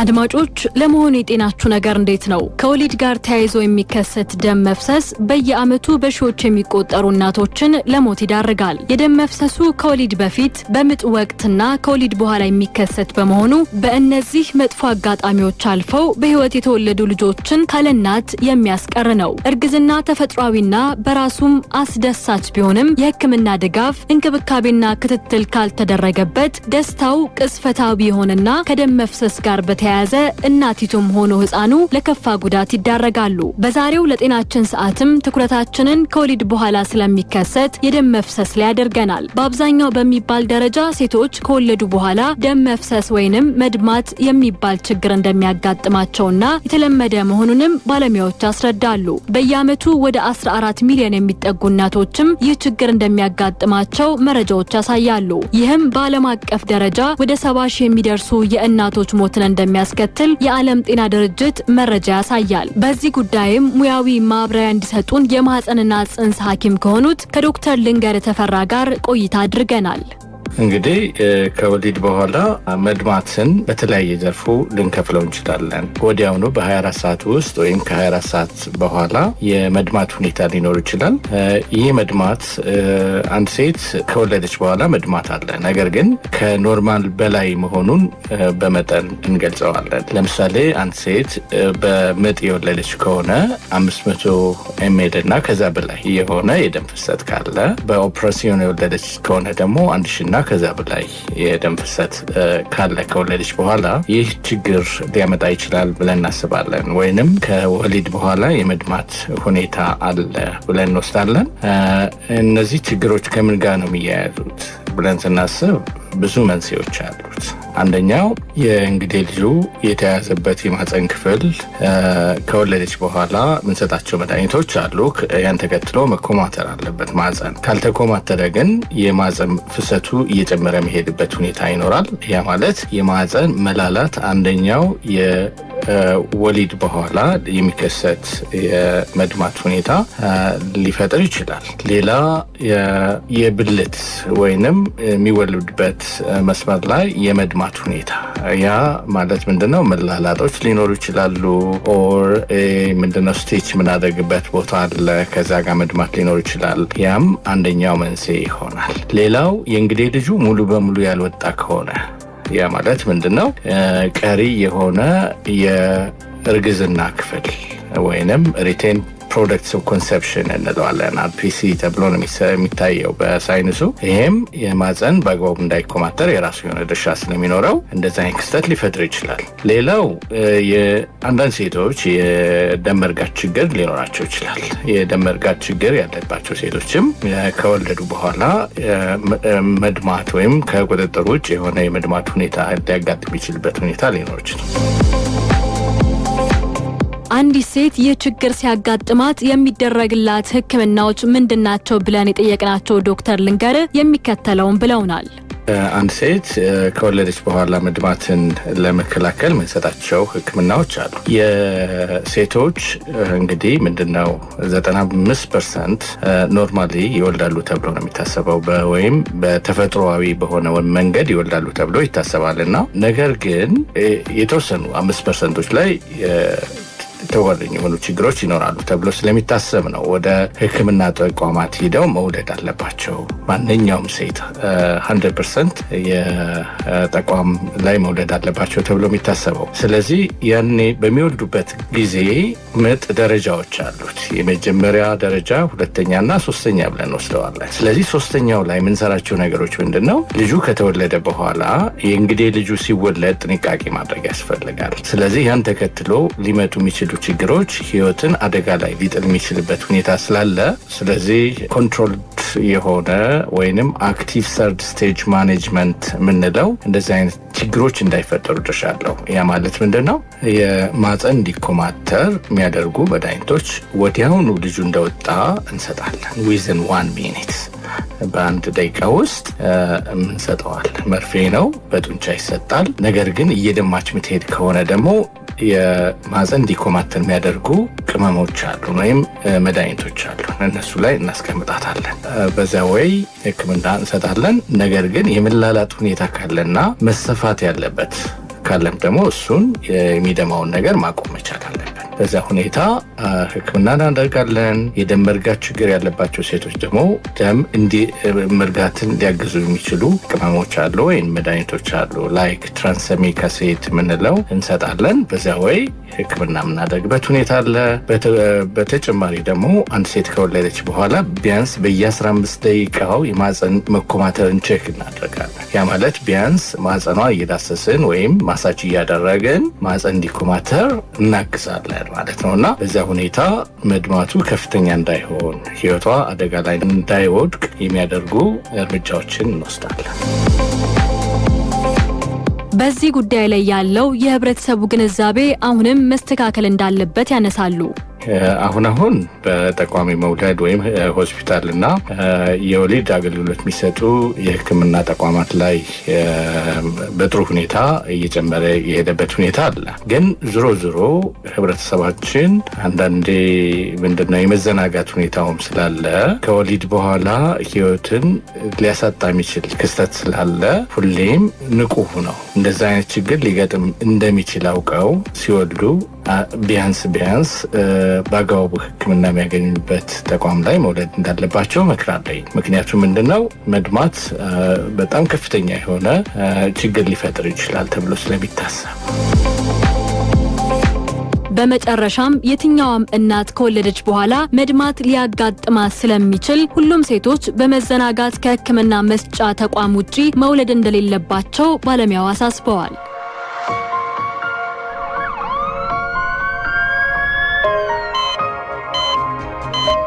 አድማጮች ለመሆኑ የጤናችሁ ነገር እንዴት ነው? ከወሊድ ጋር ተያይዞ የሚከሰት ደም መፍሰስ በየዓመቱ በሺዎች የሚቆጠሩ እናቶችን ለሞት ይዳርጋል። የደም መፍሰሱ ከወሊድ በፊት በምጥ ወቅትና ከወሊድ በኋላ የሚከሰት በመሆኑ በእነዚህ መጥፎ አጋጣሚዎች አልፈው በሕይወት የተወለዱ ልጆችን ካለናት የሚያስቀር ነው። እርግዝና ተፈጥሯዊና በራሱም አስደሳች ቢሆንም የሕክምና ድጋፍ እንክብካቤና ክትትል ካልተደረገበት ደስታው ቅስፈታዊ የሆነና ከደም መፍሰስ ጋር በተያ ከተያዘ እናቲቱም ሆኖ ህፃኑ ለከፋ ጉዳት ይዳረጋሉ። በዛሬው ለጤናችን ሰዓትም ትኩረታችንን ከወሊድ በኋላ ስለሚከሰት የደም መፍሰስ ላይ ያደርገናል። በአብዛኛው በሚባል ደረጃ ሴቶች ከወለዱ በኋላ ደም መፍሰስ ወይንም መድማት የሚባል ችግር እንደሚያጋጥማቸውና የተለመደ መሆኑንም ባለሙያዎች ያስረዳሉ። በየዓመቱ ወደ 14 ሚሊዮን የሚጠጉ እናቶችም ይህ ችግር እንደሚያጋጥማቸው መረጃዎች ያሳያሉ። ይህም በዓለም አቀፍ ደረጃ ወደ 70 ሺህ የሚደርሱ የእናቶች ሞትን እንደሚያ እንደሚያስከትል የዓለም ጤና ድርጅት መረጃ ያሳያል። በዚህ ጉዳይም ሙያዊ ማብራሪያ እንዲሰጡን የማህፀንና ጽንስ ሐኪም ከሆኑት ከዶክተር ልንገር የተፈራ ጋር ቆይታ አድርገናል። እንግዲህ ከወሊድ በኋላ መድማትን በተለያየ ዘርፉ ልንከፍለው እንችላለን። ወዲያውኑ በ24 ሰዓት ውስጥ ወይም ከ24 ሰዓት በኋላ የመድማት ሁኔታ ሊኖር ይችላል። ይህ መድማት አንድ ሴት ከወለደች በኋላ መድማት አለ። ነገር ግን ከኖርማል በላይ መሆኑን በመጠን እንገልጸዋለን። ለምሳሌ አንድ ሴት በምጥ የወለደች ከሆነ 500 ኤምኤል እና ከዛ በላይ የሆነ የደም ፍሰት ካለ፣ በኦፕሬሽን የወለደች ከሆነ ደግሞ አንድ ሺና ከዚያ በላይ የደም ፍሰት ካለ ከወለደች በኋላ ይህ ችግር ሊያመጣ ይችላል ብለን እናስባለን። ወይንም ከወሊድ በኋላ የመድማት ሁኔታ አለ ብለን እንወስዳለን። እነዚህ ችግሮች ከምን ጋር ነው የሚያያዙት ብለን ስናስብ ብዙ መንስኤዎች አሉት። አንደኛው የእንግዲህ ልጁ የተያዘበት የማህፀን ክፍል ከወለደች በኋላ ምንሰጣቸው መድኃኒቶች አሉ። ያን ተከትሎ መኮማተር አለበት ማፀን ካልተኮማተረ ግን የማፀን ፍሰቱ እየጨመረ መሄድበት ሁኔታ ይኖራል። ያ ማለት የማፀን መላላት አንደኛው ከወሊድ በኋላ የሚከሰት የመድማት ሁኔታ ሊፈጠር ይችላል። ሌላ የብልት ወይንም የሚወልድበት መስመር ላይ የመድማት ሁኔታ ያ ማለት ምንድነው? መላላጦች ሊኖሩ ይችላሉ። ኦር ምንድነው ስቴች የምናደርግበት ቦታ አለ። ከዛ ጋር መድማት ሊኖር ይችላል። ያም አንደኛው መንስኤ ይሆናል። ሌላው የእንግዴ ልጁ ሙሉ በሙሉ ያልወጣ ከሆነ ያ ማለት ምንድን ነው? ቀሪ የሆነ የእርግዝና ክፍል ወይንም ሪቴን ፕሮደክትስ ኦፍ ኮንሰፕሽን እንለዋለን። አፒሲ ተብሎ ነው የሚታየው በሳይንሱ። ይህም የማፀን በአግባቡ እንዳይኮማተር የራሱ የሆነ ድርሻ ስለሚኖረው እንደዚ አይነት ክስተት ሊፈጥር ይችላል። ሌላው የአንዳንድ ሴቶች የደመርጋት ችግር ሊኖራቸው ይችላል። የደመርጋት ችግር ያለባቸው ሴቶችም ከወለዱ በኋላ መድማት ወይም ከቁጥጥር ውጭ የሆነ የመድማት ሁኔታ ሊያጋጥም ይችልበት ሁኔታ ሊኖር ይችላል። አንዲት ሴት ይህ ችግር ሲያጋጥማት የሚደረግላት ሕክምናዎች ምንድናቸው ብለን የጠየቅናቸው ዶክተር ልንገር የሚከተለውን ብለውናል። አንድ ሴት ከወለደች በኋላ መድማትን ለመከላከል የምንሰጣቸው ህክምናዎች አሉ። የሴቶች እንግዲህ ምንድነው 95 ፐርሰንት ኖርማሊ ይወልዳሉ ተብሎ ነው የሚታሰበው ወይም በተፈጥሮዊ በሆነ መንገድ ይወልዳሉ ተብሎ ይታሰባል እና ነገር ግን የተወሰኑ አምስት ፐርሰንቶች ላይ ተጓደኝ የሆኑ ችግሮች ይኖራሉ ተብሎ ስለሚታሰብ ነው ወደ ህክምና ተቋማት ሂደው መውለድ አለባቸው። ማንኛውም ሴት 1 ፐርሰንት የተቋም ላይ መውለድ አለባቸው ተብሎ የሚታሰበው። ስለዚህ ያኔ በሚወልዱበት ጊዜ ምጥ ደረጃዎች አሉት። የመጀመሪያ ደረጃ፣ ሁለተኛ እና ሶስተኛ ብለን ወስደዋለን። ስለዚህ ሶስተኛው ላይ የምንሰራቸው ነገሮች ምንድን ነው? ልጁ ከተወለደ በኋላ የእንግዲህ ልጁ ሲወለድ ጥንቃቄ ማድረግ ያስፈልጋል። ስለዚህ ያን ተከትሎ ሊመጡ የሚችሉ የሚያስከትሉ ችግሮች ህይወትን አደጋ ላይ ሊጥል የሚችልበት ሁኔታ ስላለ ስለዚህ ኮንትሮልድ የሆነ ወይንም አክቲቭ ሰርድ ስቴጅ ማኔጅመንት የምንለው እንደዚህ አይነት ችግሮች እንዳይፈጠሩ ድርሻ አለው። ያ ማለት ምንድን ነው? የማፀን እንዲኮማተር የሚያደርጉ መድኃኒቶች ወዲያውኑ ልጁ እንደወጣ እንሰጣለን። ዊዝን ዋን ሚኒት በአንድ ደቂቃ ውስጥ እንሰጠዋል መርፌ ነው፣ በጡንቻ ይሰጣል። ነገር ግን እየደማች የምትሄድ ከሆነ ደግሞ የማዘን እንዲኮማተር የሚያደርጉ ቅመሞች አሉ ወይም መድኃኒቶች አሉ። እነሱ ላይ እናስቀምጣታለን። በዚያ ወይ ህክምና እንሰጣለን። ነገር ግን የመላላጥ ሁኔታ ካለና መሰፋት ያለበት ካለም ደግሞ እሱን የሚደማውን ነገር ማቆም መቻል አለበት። በዚያ ሁኔታ ህክምና እናደርጋለን። የደም መርጋት ችግር ያለባቸው ሴቶች ደግሞ ደም መርጋትን ሊያግዙ የሚችሉ ቅመሞች አሉ ወይም መድኃኒቶች አሉ። ላይክ ትራንስሚክ አሲድ የምንለው እንሰጣለን። በዚያ ወይ ህክምና የምናደርግበት ሁኔታ አለ። በተጨማሪ ደግሞ አንድ ሴት ከወለደች በኋላ ቢያንስ በየ15 ደቂቃው የማፀን መኮማተርን ቼክ እናደርጋለን። ያ ማለት ቢያንስ ማፀኗ እየዳሰስን ወይም ማሳጅ እያደረግን ማፀን እንዲኮማተር እናግዛለን። ማለት ነው እና በዚያ ሁኔታ መድማቱ ከፍተኛ እንዳይሆን ህይወቷ አደጋ ላይ እንዳይወድቅ የሚያደርጉ እርምጃዎችን እንወስዳለን። በዚህ ጉዳይ ላይ ያለው የህብረተሰቡ ግንዛቤ አሁንም መስተካከል እንዳለበት ያነሳሉ። አሁን አሁን በጠቋሚ መውለድ ወይም ሆስፒታል እና የወሊድ አገልግሎት የሚሰጡ የህክምና ተቋማት ላይ በጥሩ ሁኔታ እየጨመረ የሄደበት ሁኔታ አለ። ግን ዝሮ ዝሮ ህብረተሰባችን አንዳንዴ ምንድነው የመዘናጋት ሁኔታውም ስላለ ከወሊድ በኋላ ህይወትን ሊያሳጣ የሚችል ክስተት ስላለ ሁሌም ንቁ ነው እንደዛ አይነት ችግር ሊገጥም እንደሚችል አውቀው ሲወልዱ ቢያንስ ቢያንስ በአግባቡ ህክምና የሚያገኙበት ተቋም ላይ መውለድ እንዳለባቸው እመክራለሁ። ምክንያቱም ምንድነው መድማት በጣም ከፍተኛ የሆነ ችግር ሊፈጥር ይችላል ተብሎ ስለሚታሰብ። በመጨረሻም የትኛውም እናት ከወለደች በኋላ መድማት ሊያጋጥማት ስለሚችል ሁሉም ሴቶች በመዘናጋት ከህክምና መስጫ ተቋም ውጪ መውለድ እንደሌለባቸው ባለሙያው አሳስበዋል።